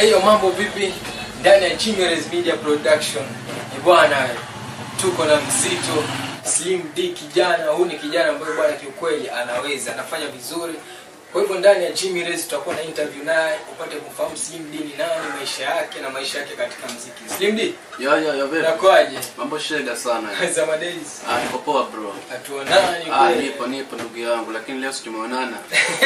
Heyo eh, mambo vipi? Ndani ya Chinyeres Media Production bwana, tuko na mzito Slim D kijana. Huyu ni kijana ambaye bwana, kiukweli anaweza, anafanya vizuri kwa hivyo ndani ya Jimmy Rez tutakuwa na interview naye upate kufahamu Slim D ni nani, maisha yake na maisha yake katika muziki. Slim D? Ya ya ya vipi? Nakwaje? Mambo shega sana. Za madays. Ah, niko poa bro. Hatuonani kule. Ah, nipo nipo ndugu yangu lakini leo sijaonana.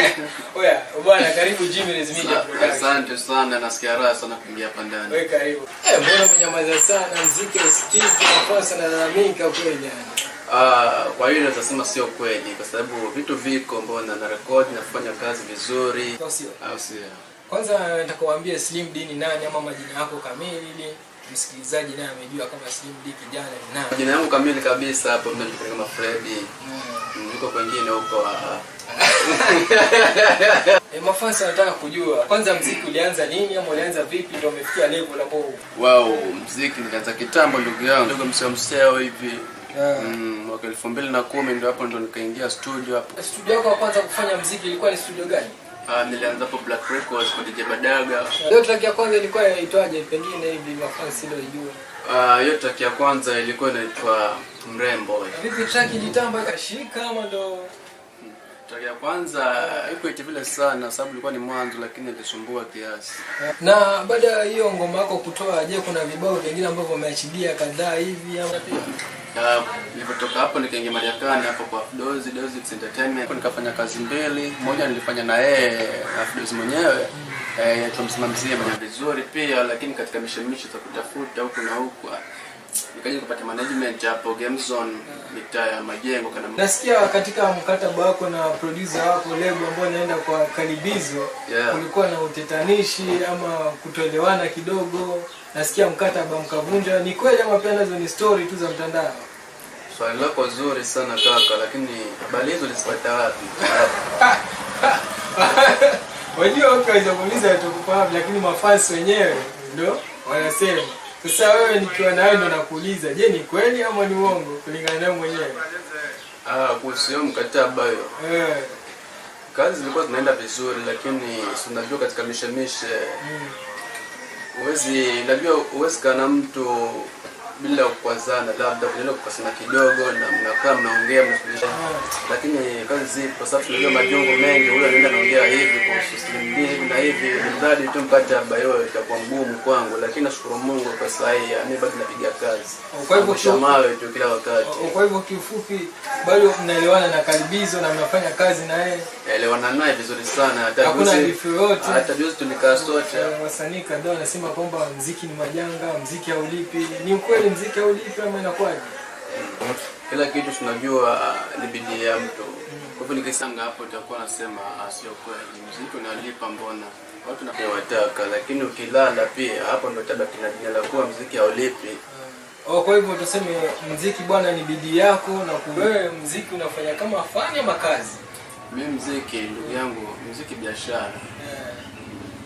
Oya, bwana karibu Jimmy Rez Media Production. Asante sana, nasikia raha sana kuingia hapa ndani. Wewe karibu. Eh, mbona mnyamaza sana, muziki usikizi, nafasi na mingi kweli yani. Uh, kwa hiyo naweza sema sio kweli, kwa sababu vitu viko, mbona na rekodi na kufanya kazi vizuri, au sio? Kwanza nitakwambia Slim D ni nani, ama majina yako kamili, ili msikilizaji naye amejua kama Slim D kijana ni nani. Jina langu kamili kabisa hapo mimi mnajulikana kama Freddy, hmm. niko kwengine huko. Ah, ah. Eh, mafansa nataka kujua kwanza, mziki ulianza nini ama ulianza vipi ndio umefikia level ambao? Wow, mziki nilianza kitambo ndugu yangu, ndugu mseo mseo hivi Mm, mwaka elfu mbili na kumi ndio hapo ndo nikaingia studio hapo. Studio yako ya kwanza kufanya mziki ilikuwa ni studio gani? Uh, nilianza hapo Black Records kwa DJ Badaga. Hiyo track ya kwanza ilikuwa inaitwaje? Pengine hivi mafansi leo ijue. Uh, ah, hiyo track ya kwanza ilikuwa inaitwa Mrembo. Vipi track ilitamba ikashika ama ndo Track ya kwanza ikuiti vile sana, sababu ilikuwa ni mwanzo, lakini ilisumbua kiasi. Na baada ya hiyo ngoma yako kutoa, je, kuna vibao vingine ambavyo umeachilia kadhaa hivi au ama nilipotoka hapo nikaingia Marekani hapo kwa Dozi Dozi Entertainment. Hapo nikafanya kazi mbili, moja nilifanya na yeye Dozi mwenyewe eh, tumsimamzie mwenye vizuri pia, lakini katika mishemisho za kutafuta huku na huku nikaja kupata management hapo Game Zone mitaa ya majengo kana. Nasikia katika mkataba wako na producer wako lebo ambao naenda kwa Kalibizo yeah. kulikuwa na utetanishi ama kutoelewana kidogo, nasikia mkataba mkavunja, ni kweli ama pia nazo ni story tu za mtandao? Swali lako zuri sana kaka, lakini habari hizo ulizipata wapi? Wajua, watu waweza kuuliza, lakini mafasi wenyewe ndo wanasema sasa wewe nikiwa nawe ndo nakuuliza, je, ni kweli ama ni uongo kulingana nayo mwenyewe? Ah, kuhusu mkataba hiyo. Eh. Kazi zilikuwa zinaenda vizuri lakini si unajua katika mishemishe. Mm. Uwezi, najua uwezi kana mtu bila kukwazana, labda kunaenda kukosana kidogo na mnakaa mnaongea mnafundisha, lakini kazi kwa sababu tunajua majongo mengi, huyo anaenda anaongea hivi kwa slim hivi na hivi, mradi tu mpate abayo itakuwa ngumu kwangu, lakini nashukuru Mungu kwa saa hii mimi yaani bado napiga kazi. Oh, kwa hivyo shamawe tu kila wakati. Oh, kwa hivyo kifupi, bado mnaelewana na karibizo na mnafanya kazi na yeye? Elewana naye vizuri sana, hata hakuna bifu yote, hata juzi tulikaa sote. Eh, Wasanii kadhaa wanasema kwamba mziki ni majanga, mziki haulipi. Ni ukweli unapumzika lipi ama inakwaje? Kila kitu tunajua uh, ni bidii ya mtu. Kwa hivyo nikisanga hapo itakuwa nasema ah, sio kweli, mziki unalipa mbona watu nawataka, lakini ukilala pia hapo ndio tabaki na jina la kuwa mziki haulipi. Oh, kwa hivyo tuseme mziki bwana ni bidii yako, na wewe mziki unafanya kama fani ama kazi? Mi mziki ndugu yangu, mziki biashara. Yeah.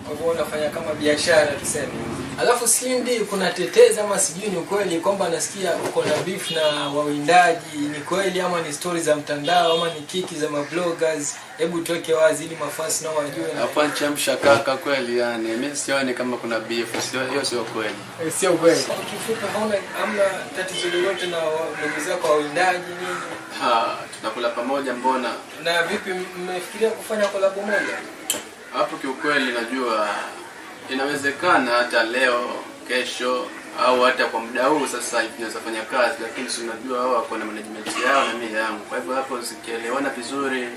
Kwa hivyo unafanya kama biashara tuseme. Alafu sindi kuna tetezi ama sijui ni ukweli kwamba nasikia uko na beef na wawindaji, ni kweli ama ni story za mtandao ama ni kiki za mabloggers? Hebu toke wazi ili mafasi nao wajue. Hapana, chamsha kaka, kweli yani mimi sioni kama kuna beef, sio hiyo, sio kweli, eh, sio kweli. Kifupi, hauna amna tatizo lolote na ndugu zako wawindaji nini? Ha, tunakula pamoja mbona? Na vipi, mmefikiria kufanya kolabo moja hapo? Kiukweli najua inawezekana hata leo, kesho au hata kwa muda huu sasa hivi tunaweza fanya kazi, lakini si unajua hao wako na management yao na mimi yangu. Kwa hivyo hapo zikielewana vizuri,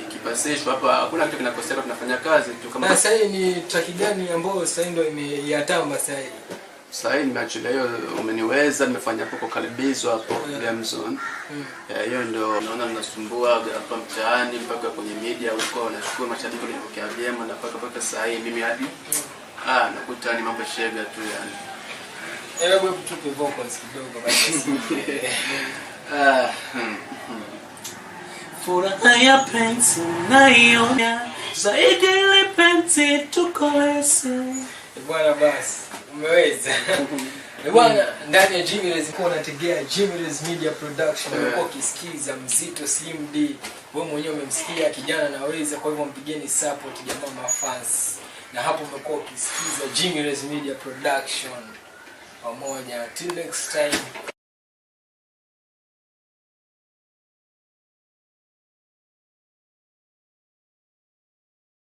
ikipasishwa hapa, hakuna kitu kinakoseka, tunafanya kazi tu kama. sasa hii ni track gani ambayo sasa ndio imeyatamba sasa hii Sasa hii nimeachilia hiyo, umeniweza, nimefanya hapo kwa Kalibizo hapo eh. Gamzon. Hmm. Eh, hiyo ndio naona ninasumbua hapa mtaani mpaka kwenye media huko, nashukuru mashabiki wanapokea vyema na paka paka sasa hii mimi hadi hmm. Ah, nakuta ni mambo shega tu yani. Hebu eh, tupe vocals kidogo basi. Ah. Hmm. Furaha ya penzi naiona zaidi ile penzi tukolese. Eh, bwana basi, umeweza. Eh, bwana hmm. ndani ya Jimmy's kwa unategea Jimmy's Media Production umekuwa kisikiza mzito Slim D. Wewe mwenyewe umemsikia kijana anaweza, kwa hivyo mpigeni support jamaa mafans na hapo umekuwa ukisikiza Genius Media Production pamoja till next time.